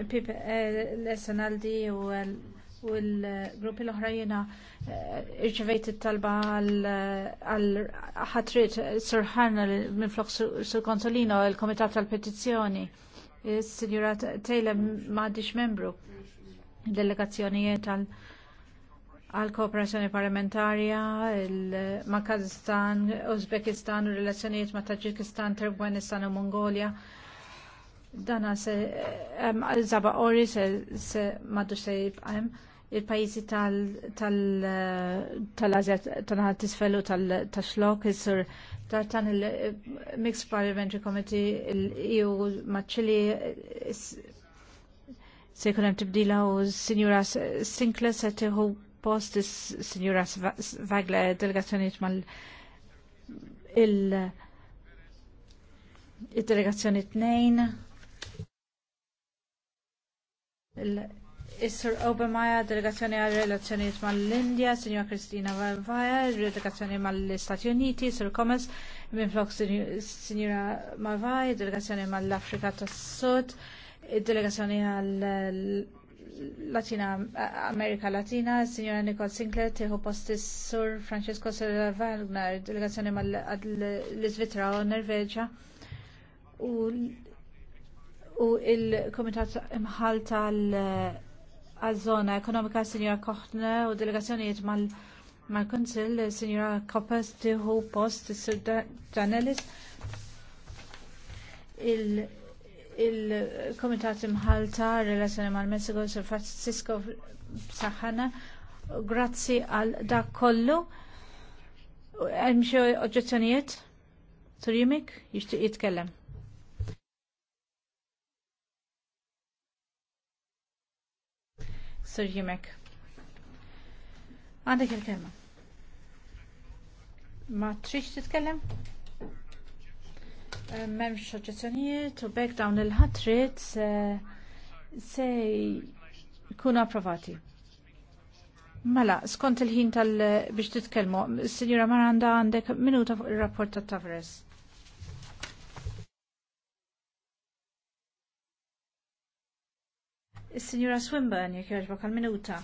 Eh, l-SNLD u l-gruppi l-oħra jena eh, irċevejt it-talba għal-ħatrit eh, surħan minn-flok sur konsolino il-Komitat tal-Petizzjoni. Signora Taylor maħdix membru delegazzjoni tal għal kooperazzjoni parlamentarja il-Makazistan, Uzbekistan u relazzjonijiet ma' Taġikistan, Turkmenistan u Mongolia Dana se zaba ori se madu se jibqajem il-pajizi eh, tal-Azja tal-ħat tisfelu tal-Taxlok, il-sur tal-tan il-Mixed eh, Parliamentary Committee, il-EU maċċili eh, se jkun hemm tibdila u Sinjura Sinkle se tieħu post is-Sinjura Vagla delegazzjonijiet mal il-delegazzjoni tnejn Is-Sur Obermaja, delegazzjoni għal relazzjoniet mal-Indja, Signor Kristina Valvaja, delegazzjoni mal-Stati Uniti, Sir Comas, minflok Signora Malvaja, delegazzjoni mal-Afrika tas-Sud, delegazzjoni għal Latina, Amerika Latina, Signora Nicole Sinclair, tiħu postis Sur Francesco Sera Wagner, delegazzjoni mal-Lizvitra u Norveġa, u u il-Komitat Imħal tal-Zona Ekonomika Sinjora Kochner u delegazzjonijiet mal-Konsil Sinjora Koppers tiħu post Danelis il-Komitat Imħalta relazzjoni mal messiko Sir Francisco Sahana. grazzi għal dak kollu Għemxie oġġezzjonijiet? Sur jimik jixtieq jitkellem. Sir Jimek. Għandek il-kelma. Ma trix titkellem? Eh, Memx oġġezzjonijiet u bekk dawn il-ħatrit se jkunu approvati. Mela, skont il-ħin tal biex titkellmu, Signora Maranda għandek minuta fuq il-rapport ta' Tavres. Is-Sinjura Swinburne jekk jogħġbok għal-minuta.